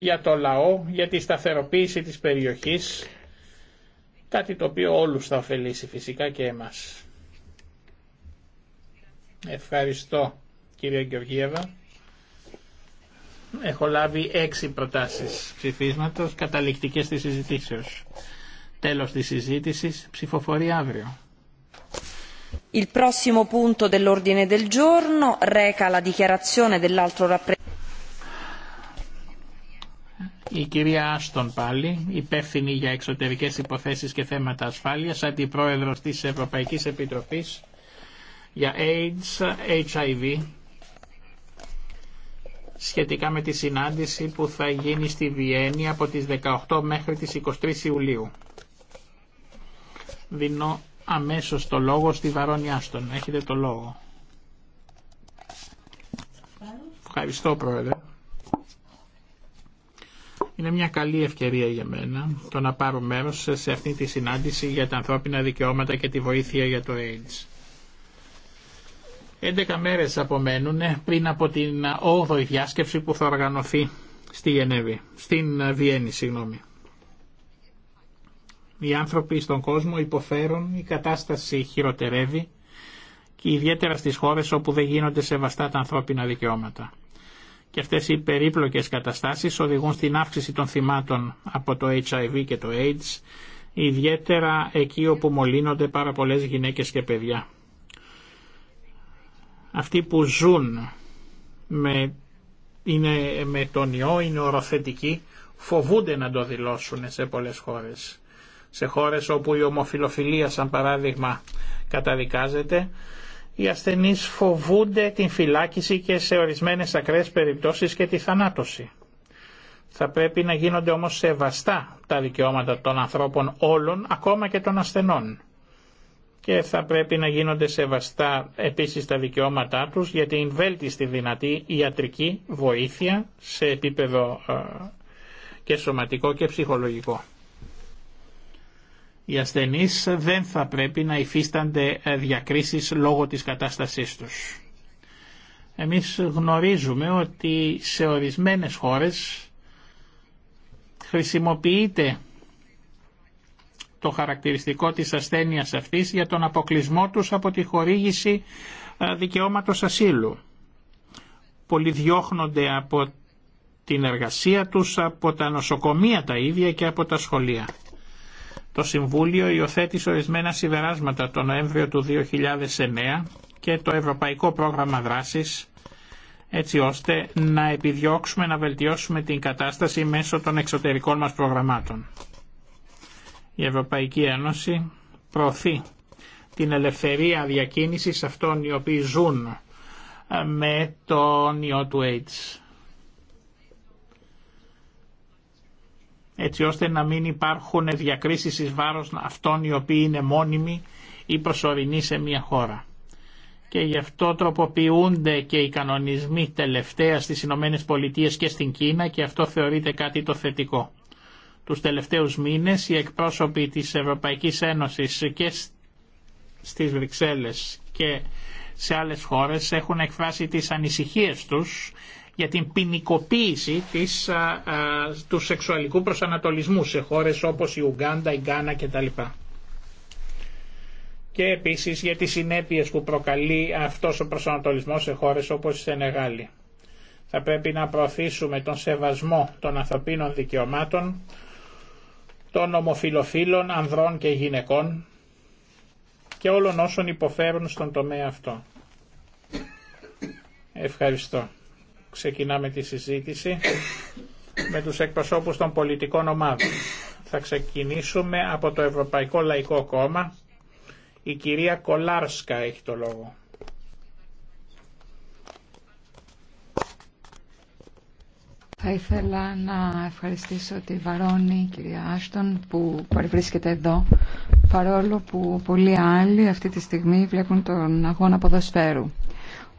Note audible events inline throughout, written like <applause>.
για το λαό, για τη σταθεροποίηση της περιοχής, κάτι το οποίο όλους θα ωφελήσει φυσικά και εμάς. Ευχαριστώ κύριε Γεωργίευα. Έχω λάβει έξι προτάσεις ψηφίσματος, καταληκτικές της συζητήσεως. Τέλος της συζήτησης, ψηφοφορία αύριο. Il punto η κυρία Άστον πάλι, υπεύθυνη για εξωτερικές υποθέσεις και θέματα ασφάλειας, αντιπρόεδρος της Ευρωπαϊκής Επιτροπής για AIDS, HIV, σχετικά με τη συνάντηση που θα γίνει στη Βιέννη από τις 18 μέχρι τις 23 Ιουλίου. Δίνω αμέσως το λόγο στη Βαρόνια Άστον. Έχετε το λόγο. Ευχαριστώ, Πρόεδρε. Είναι μια καλή ευκαιρία για μένα το να πάρω μέρος σε αυτή τη συνάντηση για τα ανθρώπινα δικαιώματα και τη βοήθεια για το AIDS. 11 μέρες απομένουν πριν από την 8η διάσκεψη που θα οργανωθεί στη Γενέβη, στην Βιέννη, συγγνώμη. Οι άνθρωποι στον κόσμο υποφέρουν, η κατάσταση χειροτερεύει και ιδιαίτερα στις χώρες όπου δεν γίνονται σεβαστά τα ανθρώπινα δικαιώματα και αυτές οι περίπλοκες καταστάσεις οδηγούν στην αύξηση των θυμάτων από το HIV και το AIDS, ιδιαίτερα εκεί όπου μολύνονται πάρα πολλές γυναίκες και παιδιά. Αυτοί που ζουν με, με τον ιό, είναι οροθετικοί, φοβούνται να το δηλώσουν σε πολλές χώρες. Σε χώρες όπου η ομοφιλοφιλία, σαν παράδειγμα, καταδικάζεται, οι ασθενείς φοβούνται την φυλάκιση και σε ορισμένες ακραίες περιπτώσεις και τη θανάτωση. Θα πρέπει να γίνονται όμως σεβαστά τα δικαιώματα των ανθρώπων όλων, ακόμα και των ασθενών. Και θα πρέπει να γίνονται σεβαστά επίσης τα δικαιώματά τους για την βέλτιστη δυνατή ιατρική βοήθεια σε επίπεδο ε, και σωματικό και ψυχολογικό. Οι ασθενείς δεν θα πρέπει να υφίστανται ε, διακρίσεις λόγω της κατάστασής τους. Εμείς γνωρίζουμε ότι σε ορισμένες χώρες χρησιμοποιείται το χαρακτηριστικό της ασθένειας αυτής για τον αποκλεισμό τους από τη χορήγηση ε, δικαιώματος ασύλου. Πολλοί διώχνονται από την εργασία τους, από τα νοσοκομεία τα ίδια και από τα σχολεία. Το Συμβούλιο υιοθέτησε ορισμένα συμπεράσματα το Νοέμβριο του 2009 και το Ευρωπαϊκό Πρόγραμμα Δράσης έτσι ώστε να επιδιώξουμε να βελτιώσουμε την κατάσταση μέσω των εξωτερικών μας προγραμμάτων. Η Ευρωπαϊκή Ένωση προωθεί την ελευθερία διακίνησης αυτών οι οποίοι ζουν ε, με τον ιό του AIDS. έτσι ώστε να μην υπάρχουν διακρίσεις εις βάρος αυτών οι οποίοι είναι μόνιμοι ή προσωρινοί σε μια χώρα. Και γι' αυτό τροποποιούνται και οι κανονισμοί τελευταία στις Ηνωμένες Πολιτείες και στην Κίνα και αυτό θεωρείται κάτι το θετικό. Τους τελευταίους μήνες οι εκπρόσωποι της Ευρωπαϊκής Ένωσης και στις Βρυξέλλες και σε άλλες χώρες έχουν εκφράσει τις ανησυχίες τους για την ποινικοποίηση της, του σεξουαλικού προσανατολισμού σε χώρες όπως η Ουγγάντα, η Γκάνα κτλ. Και επίσης για τις συνέπειες που προκαλεί αυτός ο προσανατολισμός σε χώρες όπως η Σενεγάλη. Θα πρέπει να προωθήσουμε τον σεβασμό των ανθρωπίνων δικαιωμάτων, των ομοφιλοφίλων, ανδρών και γυναικών και όλων όσων υποφέρουν στον τομέα αυτό. Ευχαριστώ. Ξεκινάμε τη συζήτηση με τους εκπροσώπους των πολιτικών ομάδων. Θα ξεκινήσουμε από το Ευρωπαϊκό Λαϊκό Κόμμα. Η κυρία Κολάρσκα έχει το λόγο. Θα ήθελα να ευχαριστήσω τη Βαρόνη, κυρία Άστον, που παρευρίσκεται εδώ, παρόλο που πολλοί άλλοι αυτή τη στιγμή βλέπουν τον αγώνα ποδοσφαίρου.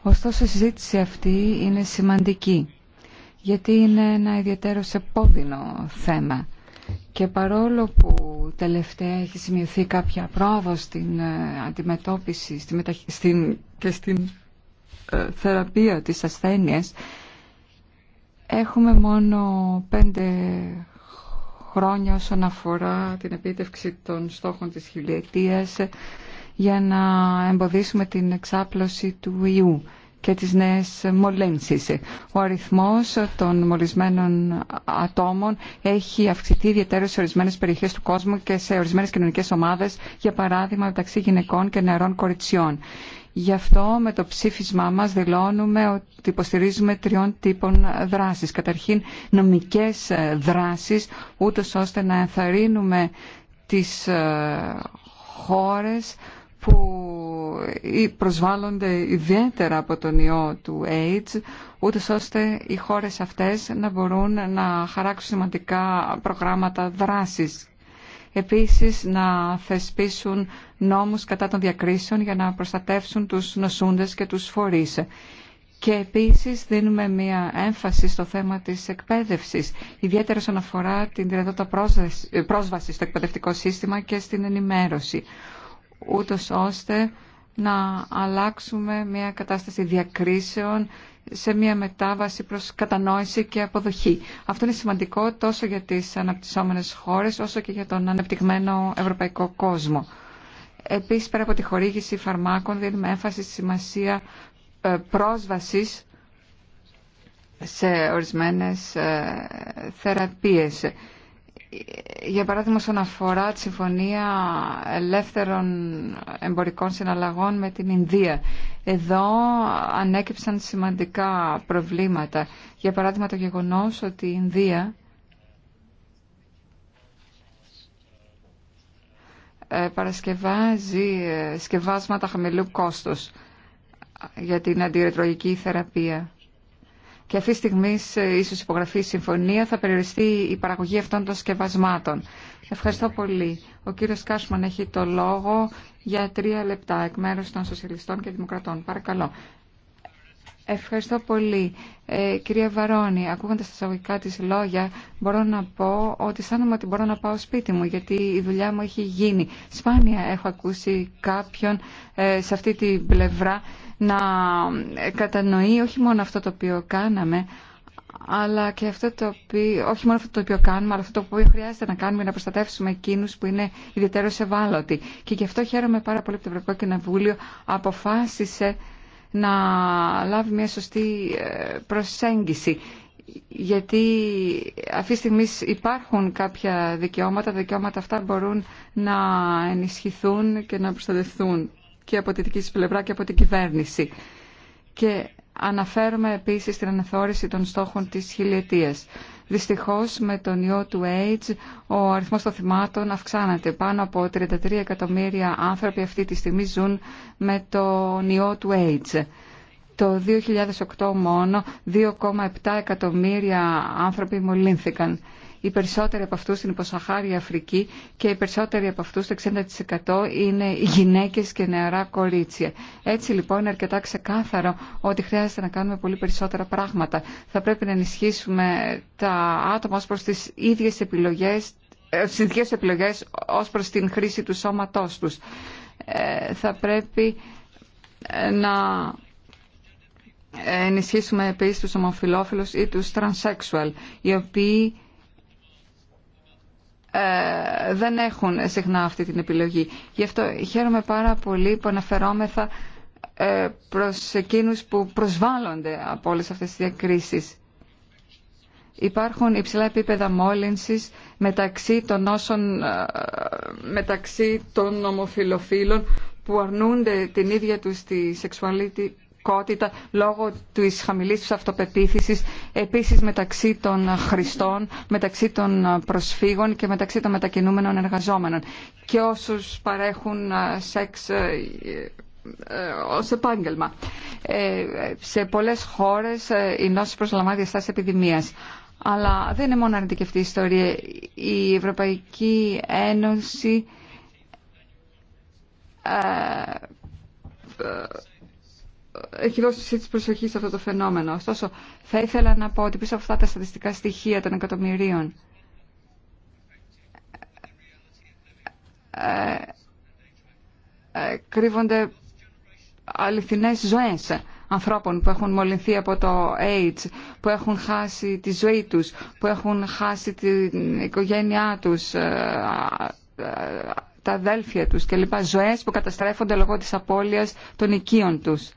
Ωστόσο η συζήτηση αυτή είναι σημαντική γιατί είναι ένα ιδιαίτερο σεπόδινο θέμα και παρόλο που τελευταία έχει σημειωθεί κάποια πρόοδο στην ε, αντιμετώπιση στην, στην, και στην ε, θεραπεία της ασθένειας έχουμε μόνο πέντε χρόνια όσον αφορά την επίτευξη των στόχων της χιλιετίας για να εμποδίσουμε την εξάπλωση του ιού και τις νέες μολύνσεις. Ο αριθμός των μολυσμένων ατόμων έχει αυξηθεί ιδιαίτερα σε ορισμένες περιοχές του κόσμου και σε ορισμένες κοινωνικές ομάδες, για παράδειγμα μεταξύ γυναικών και νεαρών κοριτσιών. Γι' αυτό με το ψήφισμά μας δηλώνουμε ότι υποστηρίζουμε τριών τύπων δράσεις. Καταρχήν νομικές δράσεις, ούτως ώστε να ενθαρρύνουμε τις ε, χώρες που προσβάλλονται ιδιαίτερα από τον ιό του AIDS, ούτως ώστε οι χώρες αυτές να μπορούν να χαράξουν σημαντικά προγράμματα δράσης. Επίσης, να θεσπίσουν νόμους κατά των διακρίσεων για να προστατεύσουν τους νοσούντες και τους φορείς. Και επίσης δίνουμε μία έμφαση στο θέμα της εκπαίδευσης, ιδιαίτερα όσον αφορά την δυνατότητα πρόσβαση στο εκπαιδευτικό σύστημα και στην ενημέρωση ούτως ώστε να αλλάξουμε μια κατάσταση διακρίσεων σε μια μετάβαση προς κατανόηση και αποδοχή. Αυτό είναι σημαντικό τόσο για τις αναπτυσσόμενες χώρες όσο και για τον ανεπτυγμένο ευρωπαϊκό κόσμο. Επίσης, πέρα από τη χορήγηση φαρμάκων, δίνουμε έμφαση στη σημασία ε, πρόσβασης σε ορισμένες ε, θεραπείες για παράδειγμα στον αφορά τη Συμφωνία Ελεύθερων Εμπορικών Συναλλαγών με την Ινδία. Εδώ ανέκυψαν σημαντικά προβλήματα. Για παράδειγμα το γεγονός ότι η Ινδία ε, παρασκευάζει ε, σκευάσματα χαμηλού κόστος για την αντιρετρογική θεραπεία και αυτή τη στιγμή ίσω υπογραφεί συμφωνία θα περιοριστεί η παραγωγή αυτών των σκευασμάτων. Ευχαριστώ πολύ. Ο κύριο Κάσμαν έχει το λόγο για τρία λεπτά εκ μέρου των Σοσιαλιστών και Δημοκρατών. Παρακαλώ. Ευχαριστώ πολύ. Ε, κυρία Βαρόνη, ακούγοντα τα εισαγωγικά τη λόγια, μπορώ να πω ότι αισθάνομαι ότι μπορώ να πάω σπίτι μου, γιατί η δουλειά μου έχει γίνει. Σπάνια έχω ακούσει κάποιον ε, σε αυτή την πλευρά να ε, κατανοεί όχι μόνο αυτό το οποίο κάναμε, αλλά και αυτό το οποίο, όχι μόνο αυτό το οποίο κάνουμε, αλλά αυτό το οποίο χρειάζεται να κάνουμε να προστατεύσουμε εκείνου που είναι ιδιαίτερω ευάλωτοι. Και γι' αυτό χαίρομαι πάρα πολύ που το Ευρωπαϊκό Κοινοβούλιο αποφάσισε να λάβει μια σωστή ε, προσέγγιση γιατί αυτή τη στιγμή υπάρχουν κάποια δικαιώματα, τα δικαιώματα αυτά μπορούν να ενισχυθούν και να προστατευθούν και από τη δική της πλευρά και από την κυβέρνηση. Και Αναφέρουμε επίσης την αναθόρηση των στόχων της χιλιετίας. Δυστυχώς με τον ιό του AIDS ο αριθμός των θυμάτων αυξάνεται. Πάνω από 33 εκατομμύρια άνθρωποι αυτή τη στιγμή ζουν με τον ιό του AIDS. Το 2008 μόνο 2,7 εκατομμύρια άνθρωποι μολύνθηκαν οι περισσότεροι από αυτούς στην υποσαχάρια Αφρική και οι περισσότεροι από αυτούς, το 60% είναι γυναίκες και νεαρά κορίτσια. Έτσι λοιπόν είναι αρκετά ξεκάθαρο ότι χρειάζεται να κάνουμε πολύ περισσότερα πράγματα. Θα πρέπει να ενισχύσουμε τα άτομα ως προς τις ίδιες επιλογές, ε, τις ίδιες επιλογές ως προς την χρήση του σώματός τους. Ε, θα πρέπει ε, να ενισχύσουμε επίσης τους ομοφιλόφιλους ή τους τρανσέξουαλ, οι οποίοι ε, δεν έχουν συχνά αυτή την επιλογή. Γι' αυτό χαίρομαι πάρα πολύ που αναφερόμεθα ε, προς εκείνους που προσβάλλονται από όλες αυτές τις διακρίσεις. Υπάρχουν υψηλά επίπεδα μόλυνσης μεταξύ των όσων, ε, μεταξύ των ομοφιλοφίλων που αρνούνται την ίδια τους τη σεξουαλίτη λόγω της χαμηλής τους αυτοπεποίθησης, επίσης μεταξύ των χρηστών, μεταξύ των προσφύγων και μεταξύ των μετακινούμενων εργαζόμενων και όσους παρέχουν ε, σεξ ε, ε, ως επάγγελμα. σε πολλές χώρες η νόση προσλαμβάνει διαστάσεις επιδημίας. Αλλά δεν είναι μόνο αρνητική αυτή η ιστορία. Η Ευρωπαϊκή Ένωση έχει δώσει τη προσοχή σε αυτό το φαινόμενο. Ωστόσο, θα ήθελα να πω ότι πίσω από αυτά τα στατιστικά στοιχεία των εκατομμυρίων ε, ε, κρύβονται αληθινές ζωές ανθρώπων που έχουν μολυνθεί από το AIDS, που έχουν χάσει τη ζωή τους, που έχουν χάσει την οικογένειά τους, ε, τα αδέλφια τους κλπ. Ζωές που καταστρέφονται λόγω της απώλειας των οικείων τους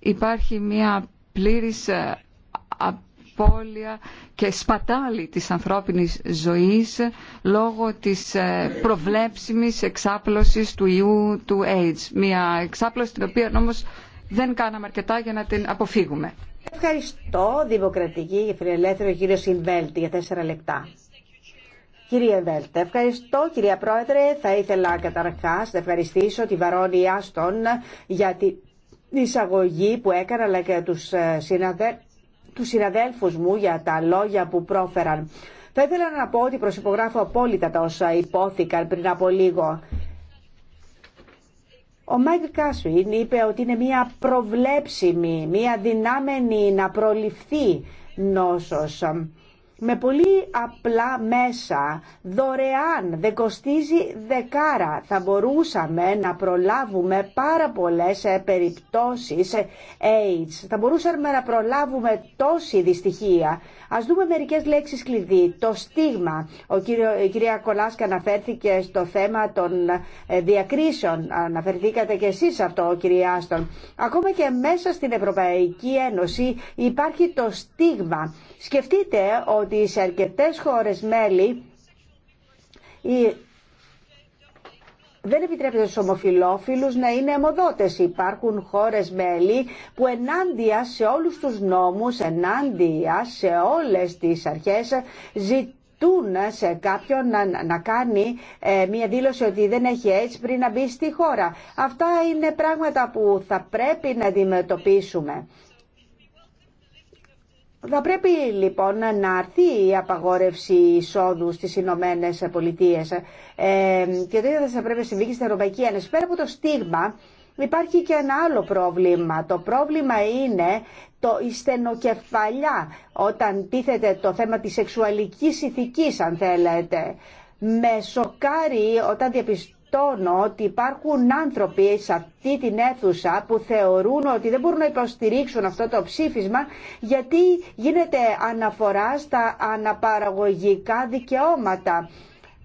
υπάρχει μια πλήρης ε, απώλεια και σπατάλη της ανθρώπινης ζωής λόγω της ε, προβλέψιμης εξάπλωσης του ιού του AIDS. Μια εξάπλωση την οποία όμως δεν κάναμε αρκετά για να την αποφύγουμε. Ευχαριστώ Δημοκρατική και Φιλελεύθερο κύριο Συμβέλτη για τέσσερα λεπτά. Κύριε Βέλτε, ευχαριστώ. Κυρία Πρόεδρε, θα ήθελα καταρχάς να ευχαριστήσω τη Βαρόνια Άστον για την εισαγωγή που έκανα αλλά και τους, ε, συναδέλφου συναδέλφους μου για τα λόγια που πρόφεραν. Θα ήθελα να πω ότι προσυπογράφω απόλυτα τα όσα υπόθηκαν πριν από λίγο. Ο Μάικ Κάσουιν είπε ότι είναι μια προβλέψιμη, μια δυνάμενη να προληφθεί νόσος με πολύ απλά μέσα, δωρεάν, δεν κοστίζει δεκάρα. Θα μπορούσαμε να προλάβουμε πάρα πολλές ε, περιπτώσεις ε, AIDS. Θα μπορούσαμε να προλάβουμε τόση δυστυχία. Ας δούμε μερικές λέξεις κλειδί. Το στίγμα. Ο κύριο, η κυρία Κολάσκα αναφέρθηκε στο θέμα των ε, διακρίσεων. Αναφερθήκατε και εσείς αυτό, κυρία Άστον. Ακόμα και μέσα στην Ευρωπαϊκή Ένωση υπάρχει το στίγμα. Σκεφτείτε ότι ότι σε αρκετές χώρες μέλη δεν επιτρέπεται στους ομοφιλόφιλους να είναι αιμοδότες. Υπάρχουν χώρες μέλη που ενάντια σε όλους τους νόμους, ενάντια σε όλες τις αρχές ζητούν σε κάποιον να, να κάνει ε, μια δήλωση ότι δεν έχει έτσι πριν να μπει στη χώρα. Αυτά είναι πράγματα που θα πρέπει να αντιμετωπίσουμε. Θα πρέπει λοιπόν να έρθει η απαγόρευση εισόδου στις Ηνωμένε Πολιτείε ε, και το ίδιο θα πρέπει να συμβεί και στην Ευρωπαϊκή Ένωση. Πέρα από το στίγμα υπάρχει και ένα άλλο πρόβλημα. Το πρόβλημα είναι το ιστενοκεφαλιά όταν τίθεται το θέμα της σεξουαλικής ηθικής αν θέλετε. Με σοκάρει όταν διαπιστώ τόνο, ότι υπάρχουν άνθρωποι σε αυτή την αίθουσα που θεωρούν ότι δεν μπορούν να υποστηρίξουν αυτό το ψήφισμα γιατί γίνεται αναφορά στα αναπαραγωγικά δικαιώματα.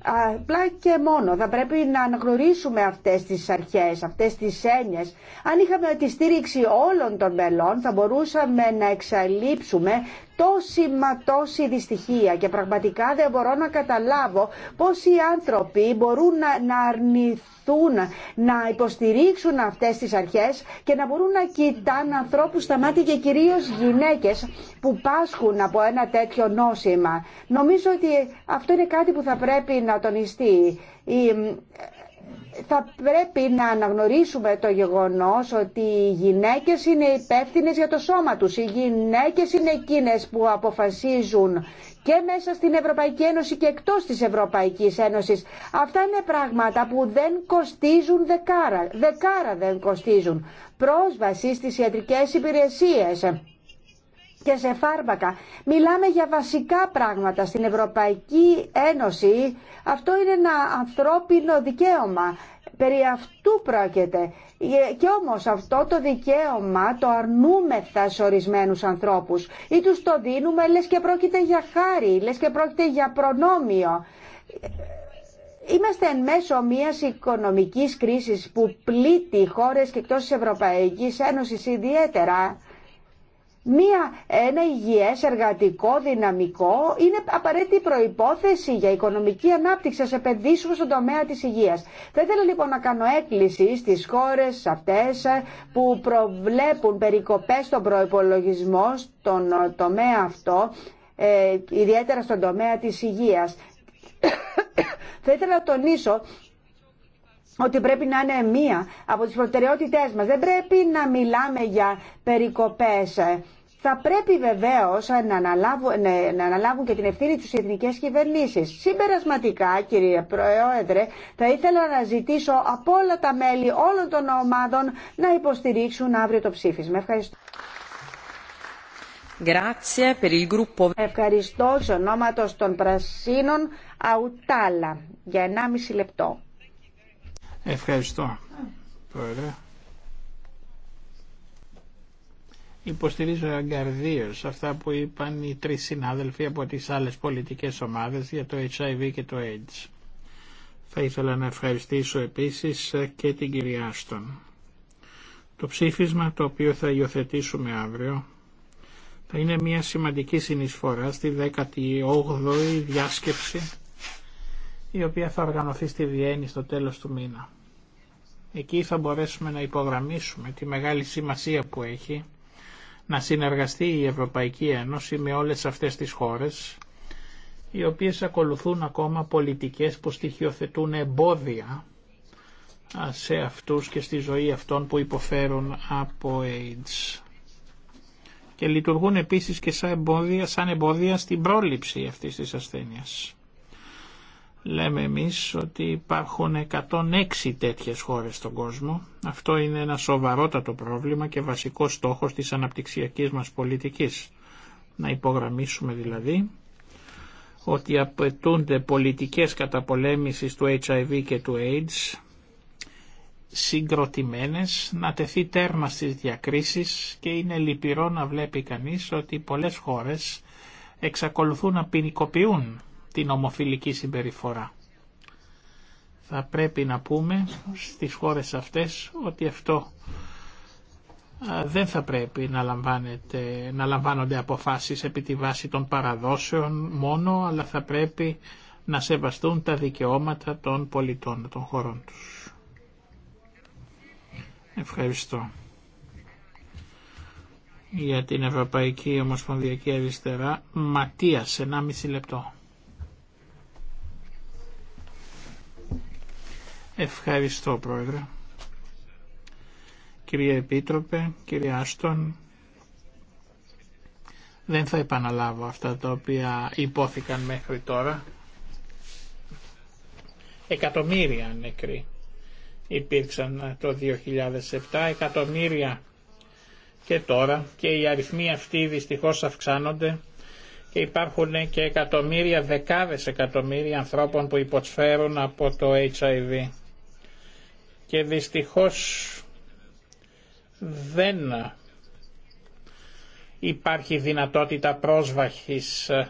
Απλά και μόνο θα πρέπει να αναγνωρίσουμε αυτές τις αρχές, αυτές τις έννοιες. Αν είχαμε τη στήριξη όλων των μελών θα μπορούσαμε να εξαλείψουμε τόση μα τόση δυστυχία και πραγματικά δεν μπορώ να καταλάβω πώς οι άνθρωποι μπορούν να, να αρνηθούν προσπαθούν να υποστηρίξουν αυτές τις αρχές και να μπορούν να κοιτάνε ανθρώπους στα μάτια και κυρίως γυναίκες που πάσχουν από ένα τέτοιο νόσημα. Νομίζω ότι αυτό είναι κάτι που θα πρέπει να τονιστεί. Η θα πρέπει να αναγνωρίσουμε το γεγονός ότι οι γυναίκες είναι υπεύθυνε για το σώμα τους. Οι γυναίκες είναι εκείνες που αποφασίζουν και μέσα στην Ευρωπαϊκή Ένωση και εκτός της Ευρωπαϊκής Ένωσης. Αυτά είναι πράγματα που δεν κοστίζουν δεκάρα. Δεκάρα δεν κοστίζουν. Πρόσβαση στις ιατρικές υπηρεσίες και σε φάρμακα. Μιλάμε για βασικά πράγματα στην Ευρωπαϊκή Ένωση. Αυτό είναι ένα ανθρώπινο δικαίωμα. Περί αυτού πρόκειται. Ε, και όμως αυτό το δικαίωμα το αρνούμεθα σε ορισμένους ανθρώπους. Ή τους το δίνουμε λες και πρόκειται για χάρη, λες και πρόκειται για προνόμιο. Είμαστε εν μέσω μιας οικονομικής κρίσης που πλήττει χώρες και εκτός της Ευρωπαϊκής Ένωσης ιδιαίτερα Μία, ένα υγιές εργατικό δυναμικό είναι απαραίτητη προϋπόθεση για οικονομική ανάπτυξη. σε επενδύσουμε στον τομέα της υγείας. Θα ήθελα λοιπόν να κάνω έκκληση στις χώρες αυτές ε, που προβλέπουν περικοπές στον προϋπολογισμό στον ε, τομέα αυτό, ε, ιδιαίτερα στον τομέα της υγείας. <coughs> θα ήθελα να τονίσω ότι πρέπει να είναι μία από τις προτεραιότητές μας. Δεν πρέπει να μιλάμε για περικοπές θα πρέπει βεβαίω να αναλάβουν, και την ευθύνη του οι εθνικές κυβερνήσεις. Συμπερασματικά, κύριε Πρόεδρε, θα ήθελα να ζητήσω από όλα τα μέλη όλων των ομάδων να υποστηρίξουν αύριο το ψήφισμα. Ευχαριστώ. Ευχαριστώ σε ονόματο των Πρασίνων Αουτάλα για 1,5 λεπτό. Ευχαριστώ, Υποστηρίζω αγκαρδίως αυτά που είπαν οι τρεις συνάδελφοι από τις άλλες πολιτικές ομάδες για το HIV και το AIDS. Θα ήθελα να ευχαριστήσω επίσης και την κυρία Άστον. Το ψήφισμα το οποίο θα υιοθετήσουμε αύριο θα είναι μια σημαντική συνεισφορά στη 18η διάσκεψη η οποία θα οργανωθεί στη Βιέννη στο τέλος του μήνα. Εκεί θα μπορέσουμε να υπογραμμίσουμε τη μεγάλη σημασία που έχει να συνεργαστεί η Ευρωπαϊκή Ένωση με όλες αυτές τις χώρες οι οποίες ακολουθούν ακόμα πολιτικές που στοιχειοθετούν εμπόδια σε αυτούς και στη ζωή αυτών που υποφέρουν από AIDS. Και λειτουργούν επίσης και σαν εμπόδια, σαν εμπόδια στην πρόληψη αυτής της ασθένειας. Λέμε εμείς ότι υπάρχουν 106 τέτοιες χώρες στον κόσμο. Αυτό είναι ένα σοβαρότατο πρόβλημα και βασικό στόχος της αναπτυξιακής μας πολιτικής. Να υπογραμμίσουμε δηλαδή ότι απαιτούνται πολιτικές καταπολέμησης του HIV και του AIDS συγκροτημένες, να τεθεί τέρμα στις διακρίσεις και είναι λυπηρό να βλέπει κανείς ότι πολλές χώρες εξακολουθούν να ποινικοποιούν την ομοφιλική συμπεριφορά. Θα πρέπει να πούμε στις χώρες αυτές ότι αυτό δεν θα πρέπει να, να λαμβάνονται αποφάσεις επί τη βάση των παραδόσεων μόνο, αλλά θα πρέπει να σεβαστούν τα δικαιώματα των πολιτών των χωρών τους. Ευχαριστώ. Για την Ευρωπαϊκή Ομοσπονδιακή Αριστερά, Ματίας, 1,5 λεπτό. Ευχαριστώ Πρόεδρε. Κύριε Επίτροπε, κύριε Άστον, δεν θα επαναλάβω αυτά τα οποία υπόθηκαν μέχρι τώρα. Εκατομμύρια νεκροί υπήρξαν το 2007, εκατομμύρια και τώρα και οι αριθμοί αυτοί δυστυχώς αυξάνονται και υπάρχουν και εκατομμύρια, δεκάδες εκατομμύρια ανθρώπων που υποσφέρουν από το HIV και δυστυχώς δεν υπάρχει δυνατότητα πρόσβασης ε,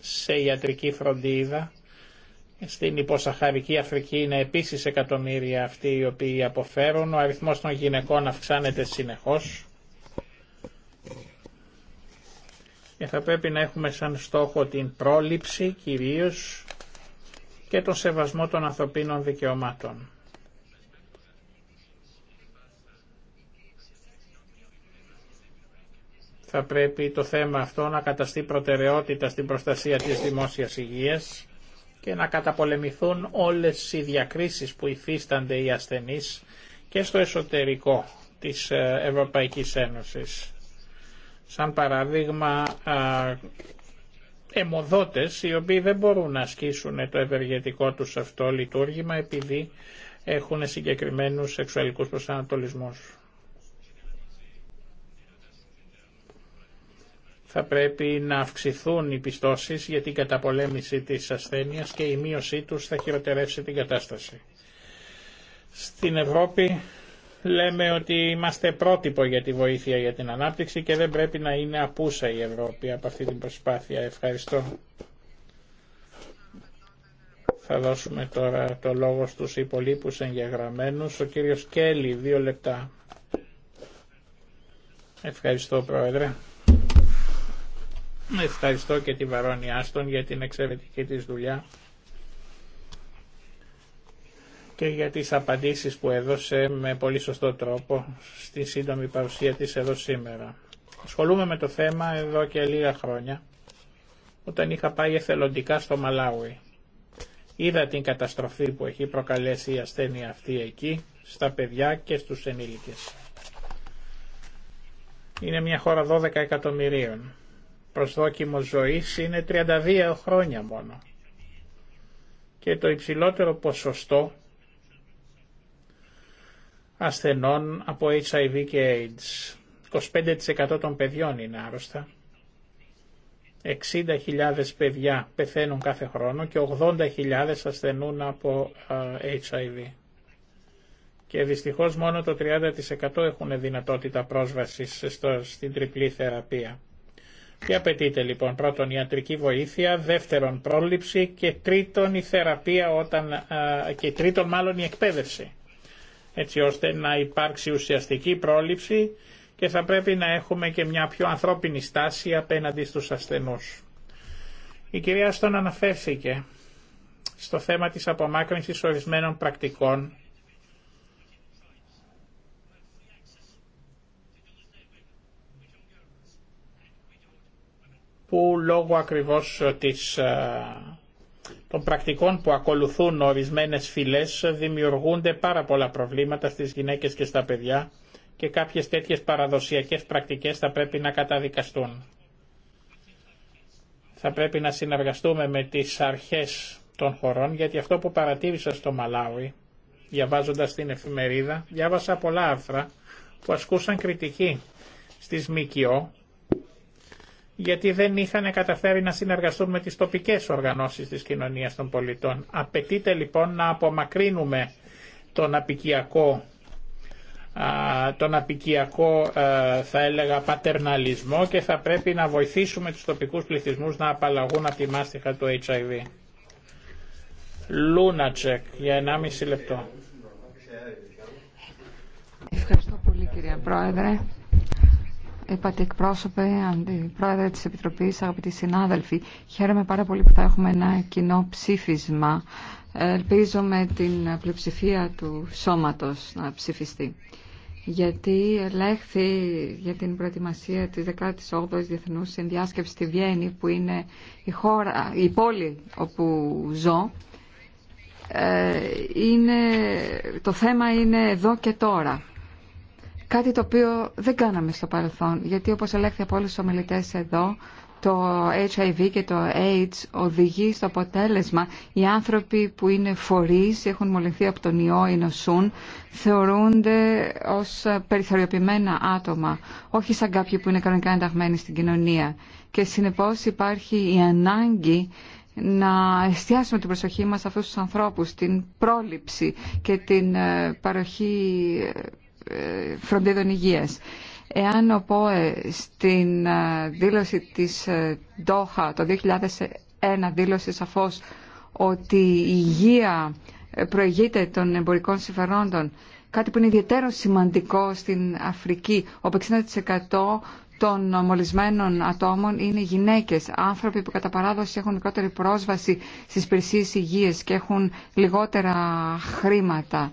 σε ιατρική φροντίδα. Στην υποσαχαρική Αφρική είναι επίσης εκατομμύρια αυτοί οι οποίοι αποφέρουν. Ο αριθμός των γυναικών αυξάνεται συνεχώς. Και θα πρέπει να έχουμε σαν στόχο την πρόληψη κυρίως και τον σεβασμό των ανθρωπίνων δικαιωμάτων. θα πρέπει το θέμα αυτό να καταστεί προτεραιότητα στην προστασία της δημόσιας υγείας και να καταπολεμηθούν όλες οι διακρίσεις που υφίστανται οι ασθενείς και στο εσωτερικό της ε, Ευρωπαϊκής Ένωσης. Σαν παράδειγμα, εμοδότες οι οποίοι δεν μπορούν να ασκήσουν το ευεργετικό τους αυτό λειτουργήμα επειδή έχουν συγκεκριμένους σεξουαλικούς προσανατολισμούς. θα πρέπει να αυξηθούν οι πιστώσεις για την καταπολέμηση της ασθένειας και η μείωσή τους θα χειροτερεύσει την κατάσταση. Στην Ευρώπη λέμε ότι είμαστε πρότυπο για τη βοήθεια για την ανάπτυξη και δεν πρέπει να είναι απούσα η Ευρώπη από αυτή την προσπάθεια. Ευχαριστώ. Θα δώσουμε τώρα το λόγο στους υπολείπους εγγεγραμμένους. Ο κύριος Κέλλη, δύο λεπτά. Ευχαριστώ, Πρόεδρε. Ευχαριστώ και τη Βαρόνη Άστον για την εξαιρετική της δουλειά και για τις απαντήσεις που έδωσε με πολύ σωστό τρόπο στη σύντομη παρουσία της εδώ σήμερα. Ασχολούμαι με το θέμα εδώ και λίγα χρόνια όταν είχα πάει εθελοντικά στο Μαλάουι. Είδα την καταστροφή που έχει προκαλέσει η ασθένεια αυτή εκεί, στα παιδιά και στους ενήλικες. Είναι μια χώρα 12 εκατομμυρίων προσδόκιμο ζωής είναι 32 χρόνια μόνο. Και το υψηλότερο ποσοστό ασθενών από HIV και AIDS. 25% των παιδιών είναι άρρωστα. 60.000 παιδιά πεθαίνουν κάθε χρόνο και 80.000 ασθενούν από HIV. Και δυστυχώς μόνο το 30% έχουν δυνατότητα πρόσβασης στο, στην τριπλή θεραπεία. Τι απαιτείται λοιπόν πρώτον ιατρική βοήθεια, δεύτερον πρόληψη και τρίτον η θεραπεία όταν, και τρίτον μάλλον η εκπαίδευση έτσι ώστε να υπάρξει ουσιαστική πρόληψη και θα πρέπει να έχουμε και μια πιο ανθρώπινη στάση απέναντι στους ασθενούς. Η κυρία Στον αναφέρθηκε στο θέμα της απομάκρυνσης ορισμένων πρακτικών που λόγω ακριβώς ε, της, ε, των πρακτικών που ακολουθούν ορισμένες φυλές δημιουργούνται πάρα πολλά προβλήματα στις γυναίκες και στα παιδιά και κάποιες τέτοιες παραδοσιακές πρακτικές θα πρέπει να καταδικαστούν. Θα πρέπει να συνεργαστούμε με τις αρχές των χωρών γιατί αυτό που παρατήρησα στο Μαλάουι διαβάζοντας την εφημερίδα διάβασα πολλά άρθρα που ασκούσαν κριτική στις ΜΚΟ γιατί δεν είχαν καταφέρει να συνεργαστούν με τις τοπικές οργανώσεις της κοινωνίας των πολιτών. Απαιτείται λοιπόν να απομακρύνουμε τον απικιακό, τον απικιακό θα έλεγα πατερναλισμό και θα πρέπει να βοηθήσουμε τους τοπικούς πληθυσμούς να απαλλαγούν από τη μάστιχα του HIV. Λούνατσεκ για 1,5 λεπτό. Ευχαριστώ πολύ κυρία Πρόεδρε. Είπατε εκπρόσωπε, αντιπρόεδρε της Επιτροπής, αγαπητοί συνάδελφοι, χαίρομαι πάρα πολύ που θα έχουμε ένα κοινό ψήφισμα. Ελπίζω με την πλειοψηφία του σώματος να ψηφιστεί. Γιατί ελέγχθη για την προετοιμασία της 18ης Διεθνούς Συνδιάσκεψης στη Βιέννη, που είναι η, χώρα, η πόλη όπου ζω, ε, είναι, το θέμα είναι εδώ και τώρα Κάτι το οποίο δεν κάναμε στο παρελθόν, γιατί όπως ελέγχθη από όλους τους ομιλητές εδώ, το HIV και το AIDS οδηγεί στο αποτέλεσμα. Οι άνθρωποι που είναι φορείς, έχουν μολυνθεί από τον ιό ή νοσούν, θεωρούνται ως περιθωριοποιημένα άτομα, όχι σαν κάποιοι που είναι κανονικά ενταγμένοι στην κοινωνία. Και συνεπώς υπάρχει η ανάγκη να εστιάσουμε την προσοχή μας σε αυτούς τους ανθρώπους, την πρόληψη και την ε, παροχή ε, φροντίδων υγείας. Εάν ο ΠΟΕ στην δήλωση της Ντόχα το 2001 δήλωσε σαφώς ότι η υγεία προηγείται των εμπορικών συμφερόντων, κάτι που είναι ιδιαίτερο σημαντικό στην Αφρική, όπου 60% των μολυσμένων ατόμων είναι γυναίκες, άνθρωποι που κατά παράδοση έχουν μικρότερη πρόσβαση στις υπηρεσίες υγείας και έχουν λιγότερα χρήματα.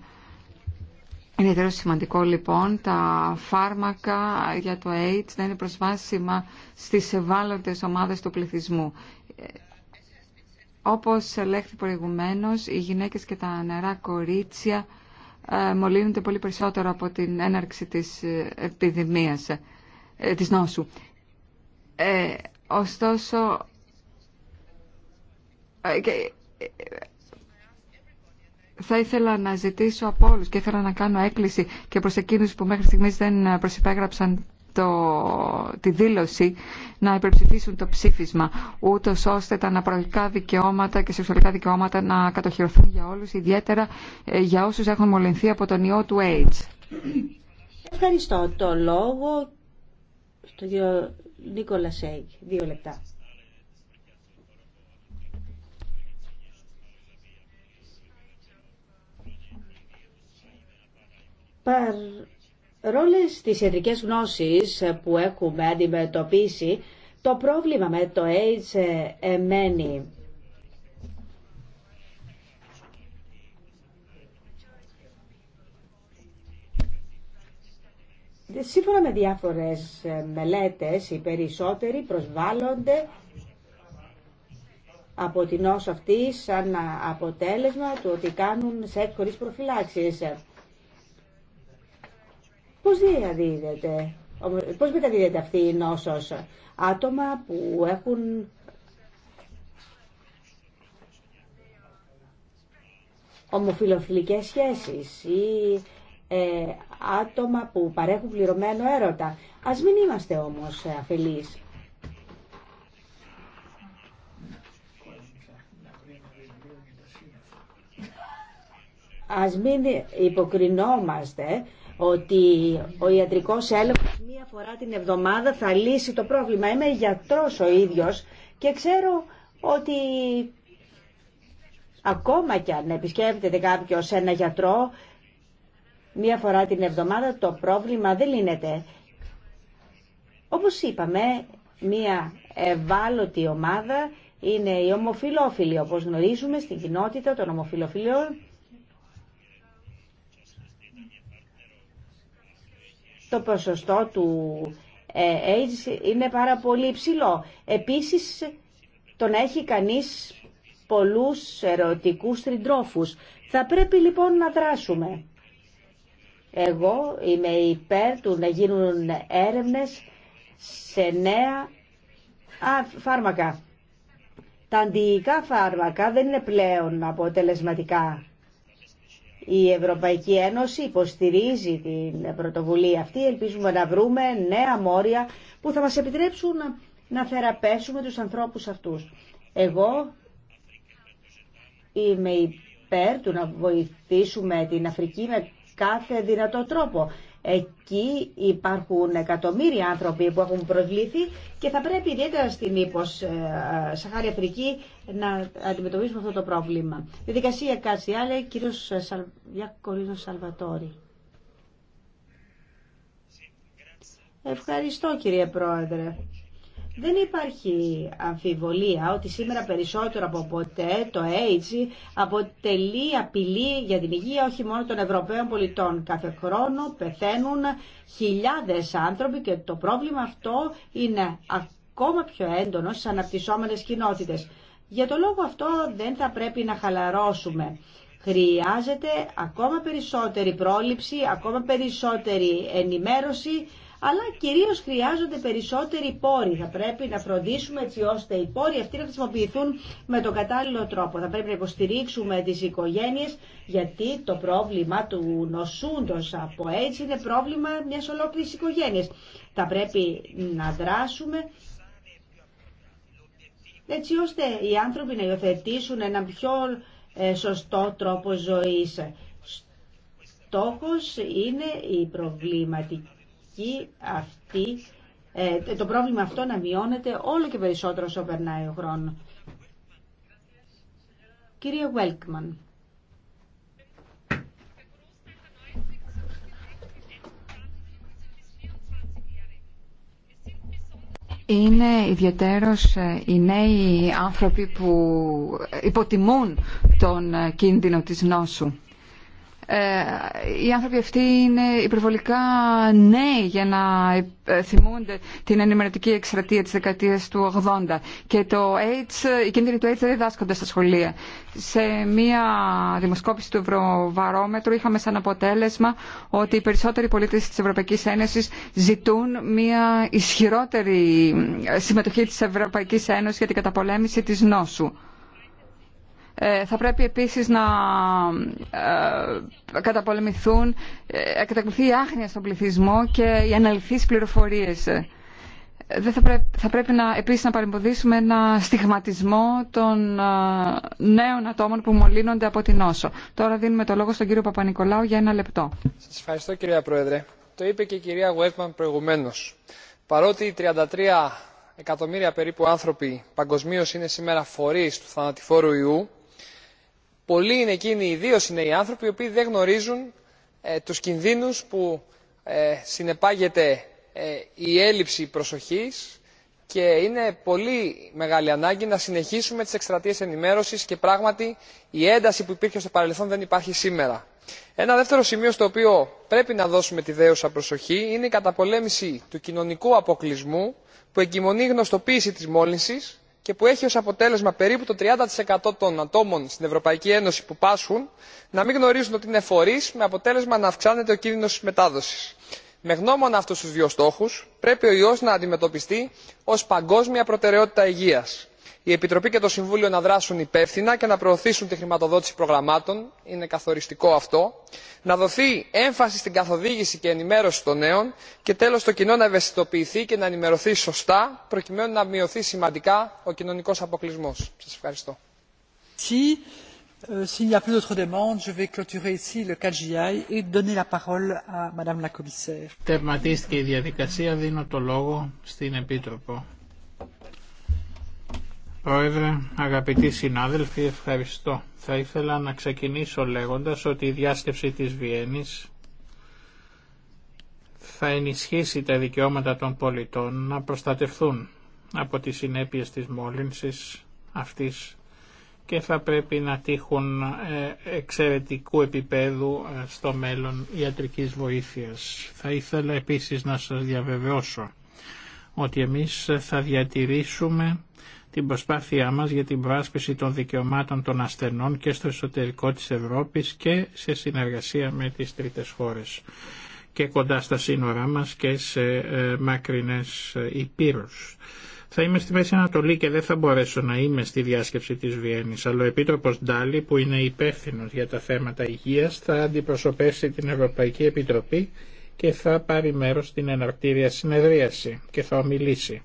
Είναι ιδιαίτερα σημαντικό λοιπόν τα φάρμακα για το AIDS να είναι προσβάσιμα στις ευάλωτες ομάδες του πληθυσμού. Όπως ελέγχθη προηγουμένως, οι γυναίκες και τα νερά κορίτσια ε, μολύνονται πολύ περισσότερο από την έναρξη της επιδημίας, ε, της νόσου. Ε, ωστόσο, θα ήθελα να ζητήσω από όλου και ήθελα να κάνω έκκληση και προ εκείνους που μέχρι στιγμής δεν προσυπέγραψαν το, τη δήλωση να υπερψηφίσουν το ψήφισμα ούτω ώστε τα αναπαραγωγικά δικαιώματα και σεξουαλικά δικαιώματα να κατοχυρωθούν για όλους ιδιαίτερα ε, για όσους έχουν μολυνθεί από τον ιό του AIDS. Ευχαριστώ. Το λόγο στον κύριο Νίκολα Σέικ. Δύο λεπτά. Παρόλε τι ιατρικέ γνώσεις που έχουμε αντιμετωπίσει, το πρόβλημα με το AIDS ε, εμένει. Σύμφωνα με διάφορες μελέτες, οι περισσότεροι προσβάλλονται από την νόσο αυτή σαν αποτέλεσμα του ότι κάνουν σε χωρίς προφυλάξεις. Πώς διαδίδεται, πώς μεταδίδεται αυτή η νόσος. Άτομα που έχουν ομοφιλοφιλικές σχέσεις ή ε, άτομα που παρέχουν πληρωμένο έρωτα. Ας μην είμαστε όμως αφελείς. Ας μην υποκρινόμαστε ότι ο ιατρικός έλεγχος μία φορά την εβδομάδα θα λύσει το πρόβλημα. Είμαι γιατρός ο ίδιος και ξέρω ότι ακόμα κι αν επισκέπτεται κάποιος ένα γιατρό μία φορά την εβδομάδα το πρόβλημα δεν λύνεται. Όπως είπαμε, μία ευάλωτη ομάδα είναι οι ομοφιλόφιλοι, όπως γνωρίζουμε στην κοινότητα των ομοφιλοφιλών το ποσοστό του ε, AIDS είναι πάρα πολύ υψηλό. Επίσης, το να έχει κανείς πολλούς ερωτικούς τριντρόφους. Θα πρέπει λοιπόν να δράσουμε. Εγώ είμαι υπέρ του να γίνουν έρευνες σε νέα Α, φάρμακα. Τα αντιϊκά φάρμακα δεν είναι πλέον αποτελεσματικά. Η Ευρωπαϊκή Ένωση υποστηρίζει την πρωτοβουλία αυτή. Ελπίζουμε να βρούμε νέα μόρια που θα μας επιτρέψουν να θεραπεύσουμε τους ανθρώπους αυτούς. Εγώ είμαι υπέρ του να βοηθήσουμε την Αφρική με κάθε δυνατό τρόπο. Εκεί υπάρχουν εκατομμύρια άνθρωποι που έχουν προσβλήθει και θα πρέπει ιδιαίτερα στην υπος ε, Σαχάρη Αφρική να αντιμετωπίσουμε αυτό το πρόβλημα. Η δικασία άλλη, κύριος Σαλβατόρη. Ευχαριστώ κύριε Πρόεδρε. Δεν υπάρχει αμφιβολία ότι σήμερα περισσότερο από ποτέ το AIDS αποτελεί απειλή για την υγεία όχι μόνο των Ευρωπαίων πολιτών. Κάθε χρόνο πεθαίνουν χιλιάδες άνθρωποι και το πρόβλημα αυτό είναι ακόμα πιο έντονο στις αναπτυσσόμενες κοινότητες. Για το λόγο αυτό δεν θα πρέπει να χαλαρώσουμε. Χρειάζεται ακόμα περισσότερη πρόληψη, ακόμα περισσότερη ενημέρωση αλλά κυρίως χρειάζονται περισσότεροι πόροι. Θα πρέπει να φροντίσουμε έτσι ώστε οι πόροι αυτοί να χρησιμοποιηθούν με τον κατάλληλο τρόπο. Θα πρέπει να υποστηρίξουμε τις οικογένειες γιατί το πρόβλημα του νοσούντος από έτσι είναι πρόβλημα μιας ολόκληρης οικογένειας. Θα πρέπει να δράσουμε έτσι ώστε οι άνθρωποι να υιοθετήσουν έναν πιο ε, σωστό τρόπο ζωής. Στόχος είναι η προβληματική και αυτή, ε, το πρόβλημα αυτό να μειώνεται όλο και περισσότερο όσο περνάει ο χρόνο. Κύριε είναι ιδιαίτερος ε, οι νέοι άνθρωποι που υποτιμούν τον ε, κίνδυνο της νόσου. Ε, οι άνθρωποι αυτοί είναι υπερβολικά νέοι για να ε, θυμούνται την ενημερωτική εκστρατεία της δεκαετίας του 80 και το AIDS, οι κίνδυνοι του AIDS δεν διδάσκονται στα σχολεία. Σε μία δημοσκόπηση του Ευρωβαρόμετρου είχαμε σαν αποτέλεσμα ότι οι περισσότεροι πολίτες της Ευρωπαϊκής Ένωσης ζητούν μία ισχυρότερη ε, συμμετοχή της Ευρωπαϊκής Ένωσης για την καταπολέμηση της νόσου. Ε, θα πρέπει επίσης να ε, καταπολεμηθούν, ε, κατακολουθεί η άχνοια στον πληθυσμό και οι αναλυθείς πληροφορίες. θα, πρέπει, θα πρέπει να, επίσης να παρεμποδίσουμε ένα στιγματισμό των νέων ατόμων που μολύνονται από την όσο. Τώρα δίνουμε το λόγο στον κύριο Παπα-Νικολάου για ένα λεπτό. Σας ευχαριστώ κυρία Πρόεδρε. Το είπε και η κυρία Γουέφμαν προηγουμένως. Παρότι 33 εκατομμύρια περίπου άνθρωποι παγκοσμίω είναι σήμερα φορείς του θανατηφόρου ιού, πολλοί είναι εκείνοι ιδίω οι νέοι άνθρωποι οι οποίοι δεν γνωρίζουν ε, τους κινδύνους που ε, συνεπάγεται ε, η έλλειψη προσοχής και είναι πολύ μεγάλη ανάγκη να συνεχίσουμε τις εκστρατείες ενημέρωσης και πράγματι η ένταση που υπήρχε στο παρελθόν δεν υπάρχει σήμερα. ένα δεύτερο σημείο στο οποίο πρέπει να δώσουμε τη δέουσα προσοχή είναι η καταπολέμηση του κοινωνικού αποκλεισμού που εγκυμονεί γνωστοποίηση της μόλυνσης και που έχει ως αποτέλεσμα περίπου το 30% των ατόμων στην ευρωπαϊκή ένωση που πάσχουν να μην γνωρίζουν ότι είναι φορείς με αποτέλεσμα να αυξάνεται ο κίνδυνος μετάδοσης. με γνώμονα αυτούς τους δύο στόχους πρέπει ο ιός να αντιμετωπιστεί ως παγκόσμια προτεραιότητα υγεία η επιτροπή και το συμβούλιο να δράσουν υπεύθυνα και να προωθήσουν τη χρηματοδότηση προγραμμάτων είναι καθοριστικό αυτό να δοθεί έμφαση στην καθοδήγηση και ενημέρωση των νέων και τέλος το κοινό να ευαισθητοποιηθεί και να ενημερωθεί σωστά προκειμένου να μειωθεί σημαντικά ο κοινωνικός αποκλεισμό. Σας ευχαριστώ. Πρόεδρε, αγαπητοί συνάδελφοι, ευχαριστώ. Θα ήθελα να ξεκινήσω λέγοντας ότι η διάσκεψη της Βιέννης θα ενισχύσει τα δικαιώματα των πολιτών να προστατευθούν από τις συνέπειες της μόλυνσης αυτής και θα πρέπει να τύχουν ε, εξαιρετικού επίπεδου ε, στο μέλλον ιατρικής βοήθειας. Θα ήθελα επίσης να σας διαβεβαιώσω ότι εμείς θα διατηρήσουμε την προσπάθειά μας για την προάσπιση των δικαιωμάτων των ασθενών και στο εσωτερικό της Ευρώπης και σε συνεργασία με τις τρίτες χώρες και κοντά στα σύνορά μας και σε ε, μακρινές ε, υπήρους. Θα είμαι στη Μέση Ανατολή και δεν θα μπορέσω να είμαι στη διάσκεψη της Βιέννης, αλλά ο Επίτροπος Ντάλι που είναι υπεύθυνο για τα θέματα υγείας θα αντιπροσωπεύσει την Ευρωπαϊκή Επιτροπή και θα πάρει μέρος στην εναρκτήρια συνεδρίαση και θα ομιλήσει.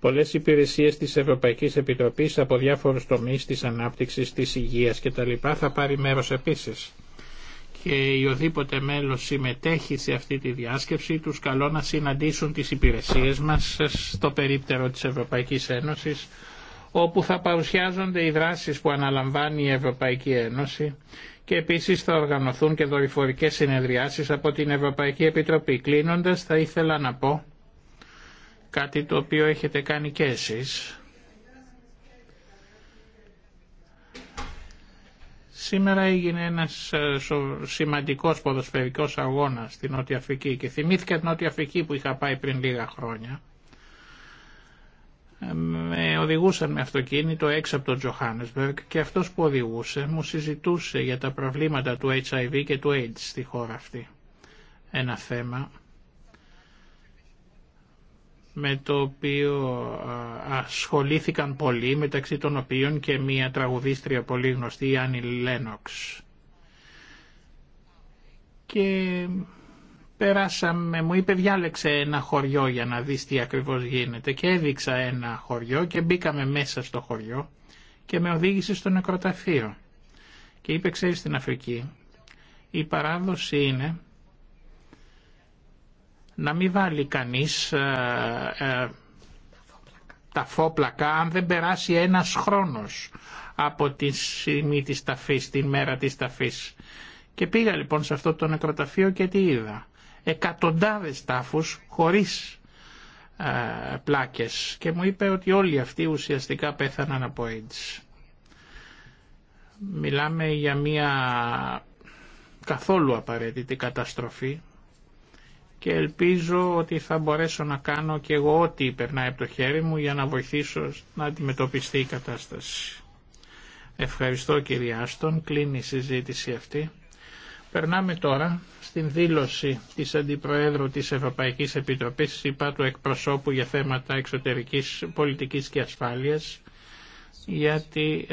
Πολλές υπηρεσίες της Ευρωπαϊκής Επιτροπής από διάφορους τομείς της ανάπτυξης, της υγείας κτλ. θα πάρει μέρος επίσης. Και οι οδήποτε μέλος συμμετέχει σε αυτή τη διάσκεψη τους καλώ να συναντήσουν τις υπηρεσίες μας στο περίπτερο της Ευρωπαϊκής Ένωσης όπου θα παρουσιάζονται οι δράσεις που αναλαμβάνει η Ευρωπαϊκή Ένωση και επίσης θα οργανωθούν και δορυφορικές συνεδριάσεις από την Ευρωπαϊκή Επιτροπή. Κλείνοντας θα ήθελα να πω κάτι το οποίο έχετε κάνει και εσείς. Σήμερα έγινε ένας ε, σημαντικός ποδοσφαιρικός αγώνας στην Νότια Αφρική και θυμήθηκα την Νότια Αφρική που είχα πάει πριν λίγα χρόνια. Ε, με οδηγούσαν με αυτοκίνητο έξω από τον Τζοχάνεσμπεργκ και αυτός που οδηγούσε μου συζητούσε για τα προβλήματα του HIV και του AIDS στη χώρα αυτή. Ένα θέμα με το οποίο ασχολήθηκαν πολλοί, μεταξύ των οποίων και μία τραγουδίστρια πολύ γνωστή, η Άννη Λένοξ. Και περάσαμε, μου είπε διάλεξε ένα χωριό για να δεις τι ακριβώς γίνεται και έδειξα ένα χωριό και μπήκαμε μέσα στο χωριό και με οδήγησε στο νεκροταφείο. Και είπε, ξέρεις, στην Αφρική η παράδοση είναι να μην βάλει κανείς ταφόπλακα ε, ε, τα φόπλακα αν δεν περάσει ένας χρόνος από τη στιγμή της ταφής, την μέρα της ταφής. Και πήγα λοιπόν σε αυτό το νεκροταφείο και τι είδα. Εκατοντάδες τάφους χωρίς ε, πλάκες και μου είπε ότι όλοι αυτοί ουσιαστικά πέθαναν από AIDS. Μιλάμε για μια καθόλου απαραίτητη καταστροφή και ελπίζω ότι θα μπορέσω να κάνω και εγώ ό,τι περνάει από το χέρι μου για να βοηθήσω να αντιμετωπιστεί η κατάσταση. Ευχαριστώ κύριε Άστον, κλείνει η συζήτηση αυτή. Περνάμε τώρα στην δήλωση της Αντιπροέδρου της Ευρωπαϊκής Επιτροπής, είπα του εκπροσώπου για θέματα εξωτερικής πολιτικής και ασφάλειας, γιατί